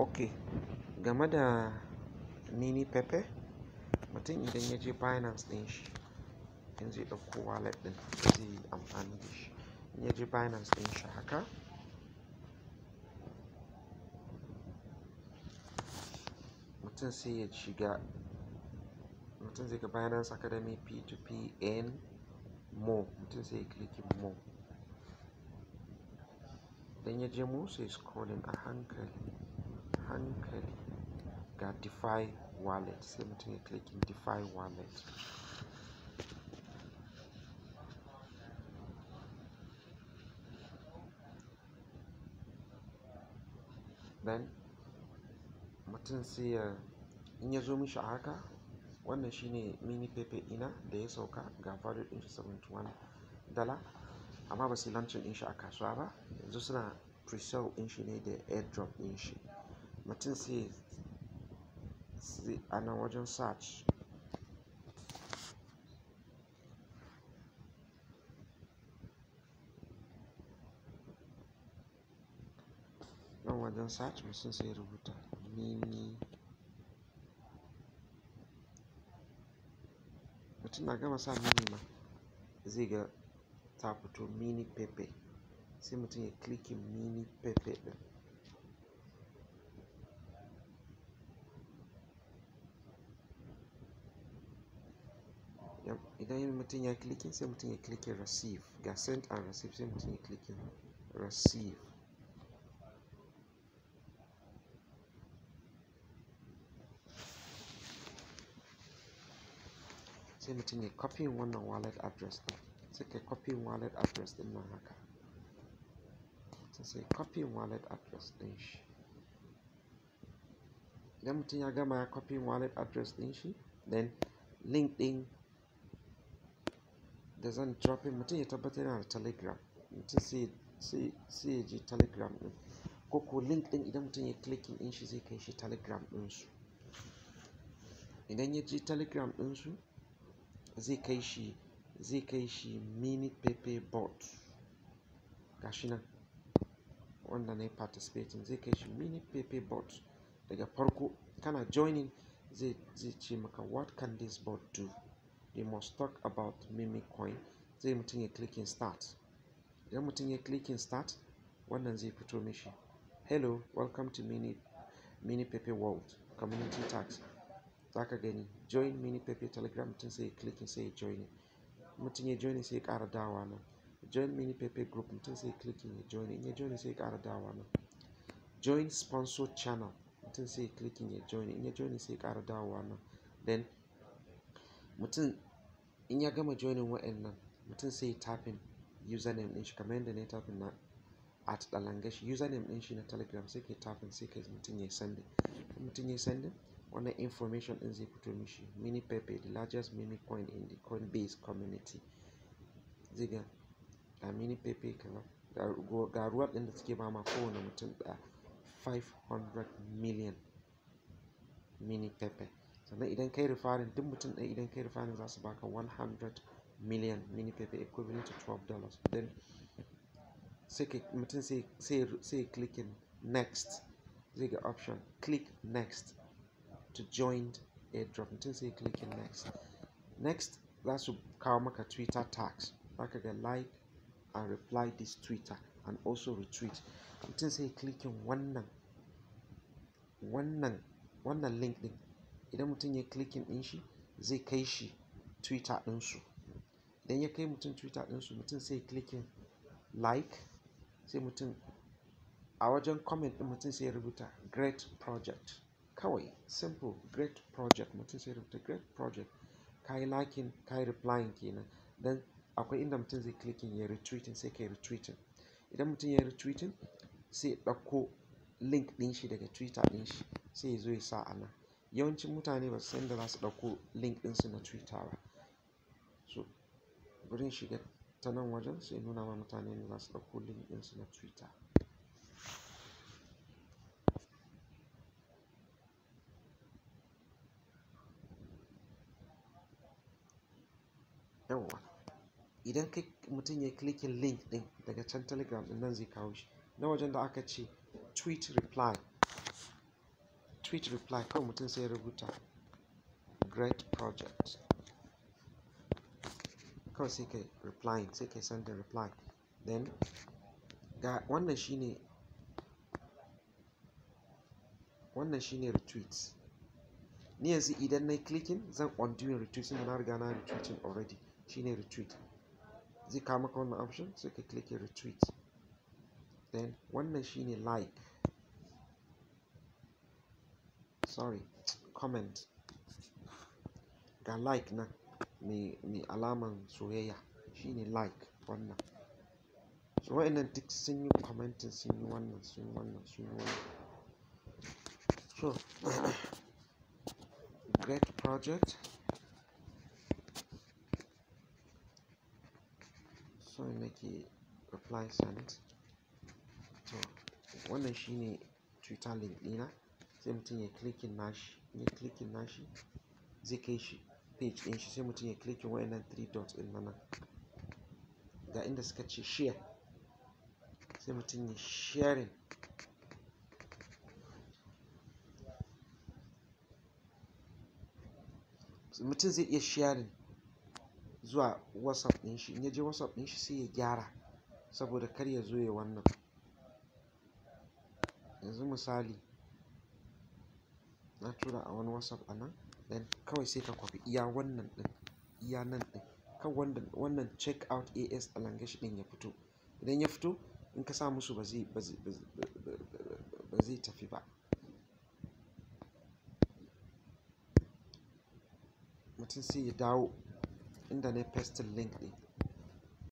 Ok, game da mini pepe, mutum idan ya je Binance ɗin shi, in zai ɗauko wallet ɗin zai yi amfani da shi. In ya je Binance ɗin shi haka, mutum sai ya shiga, mutum zai ga Binance Academy P2P and more, mutum sai ya klikin more. Idan ya je mu sai scrolling a hankali. hankali ga DeFi wallet sai mutum ya clicking DeFi wallet then mutum sai ya in ya zo mishi a haka wannan shine mini pepe ina da ya sauka ga value din shi 71 dala amma ba su lancin din shi a kasuwa ba yanzu suna pre-sale din shi ne da airdrop din shi mutum sai a nan wajen search nan wajen search mutum sai rubuta mini mutum na gama sa mini ma zai ga ta fito mini pepe sai mutum ya clicking mini pepe din idan mutum ya clicking sai mutum ya clicking receive ga send and receive sai mutum ya clicking receive sai mutum ya copy wannan wallet address din sai ka copy wallet address din nan haka sai sai copy wallet address din shi idan mutum ya gama ya copy wallet address din shi then link din da zan dropping mutum ya tabbatar yana da telegram mutum sai ya je telegram din ko ko link din idan mutum ya clicking din shi zai kai shi telegram din su idan ya je telegram din su zai kai shi zai kai shi mini pepe bot gashi nan wanda na yi participating zai kai shi mini pepe bot daga farko kana joining zai ce maka what can this bot do they must talk about mimic coin zai mutum ya in start idan mutum ya in start wannan zai fito mishi hello welcome to mini mini pepe world community tax za ka gani join mini pepe telegram mutum sai click clicking say join mutum ya join sai ya kara dawa nan join mini pepe group mutum sai click clicking join in ya join sai ya dawa nan join sponsor channel mutum sai click clicking ya join in ya join sai ya dawa nan then mutum in ya gama joinin wa'annan mutum sai tafin username din shi kamar yadda na yi tafin na at dalangashi username din shi na telegram sai ke tafin sai kai mutum ya yi sandin mutum ya yi sandin wannan information din zai fito mishi mini pepe the largest mini coin in the coinbase community zai ga a mini pepe kaza ga ruwa din da suke ma kowane mutum da 500 million mini pepe sannan idan kai rifarin duk mutum ɗaya idan kai rifarin za su baka 100 million mini paper equivalent to 12 dollars then mutum sai clicking next zai ga option click next to join airdrop mutum sai clicking next next za su kawo maka twitter tax zaka ga like and reply this twitter and also retweet mutum sai clicking wannan wannan wannan link din idan mutum ya clicking ɗin shi zai kai shi twitter ɗinsu idan ya kai mutum twitter su mutum sai clicking like sai mutum a wajen comment ɗin mutum sai ya rubuta great project kawai simple great project mutum sai rubuta great project ka yi liking ka yi replying kenan dan akwai inda mutum zai clicking ya retweeting sai ka yi retweeting idan mutum ya yi retweeting sai ya ɗauko link ɗin shi daga twitter ɗin shi sai ya zo ya sa a nan yawancin mutane ba su san da za su ɗauko link ɗinsu na Twitter ba. So, bari in shiga ta nan wajen sai ya nuna ma mutane yanda za su ɗauko link ɗinsu na Twitter. yawwa idan kai mutum ya clicking link ɗin daga can Telegram ɗin nan zai kawo shi. Na wajen da aka ce tweet reply. tweet reply Come, mutum Say, rubuta great project kawai sai reply. he can send a reply then one machine. One machine retweets. retweet ni yanzu idan na yi clicking zan undoing retweet na riga na retweeting already shine retweet The camera maka wannan option sai click click retweet then one machine like sorry comment ga like na mai mai alaman soyayya shine like wannan so wa'annan duk sun yi commenting sun yi wannan sun yi wannan sun yi wannan so great project so nake reply sent to wannan shine twitter link dina sai mutum ya clicking nashi ya clicking nashi zai kai shi page din shi sai mutum ya clicking wayannan three dots din nan ga inda suka ce share sai mutum ya sharing mutum zai iya sharing zuwa whatsapp din shi in ya je whatsapp din shi sai ya gyara saboda kar ya zo ya wannan yanzu misali na tura a wani whatsapp a nan then kawai sai ka kwafi iya wannan ɗin iya nan ɗin kan wannan wannan check out as a language ɗin ya fito idan ya fito in ka sa musu ba zai ba zai tafi ba mutum sai ya dawo inda na pastin link ɗin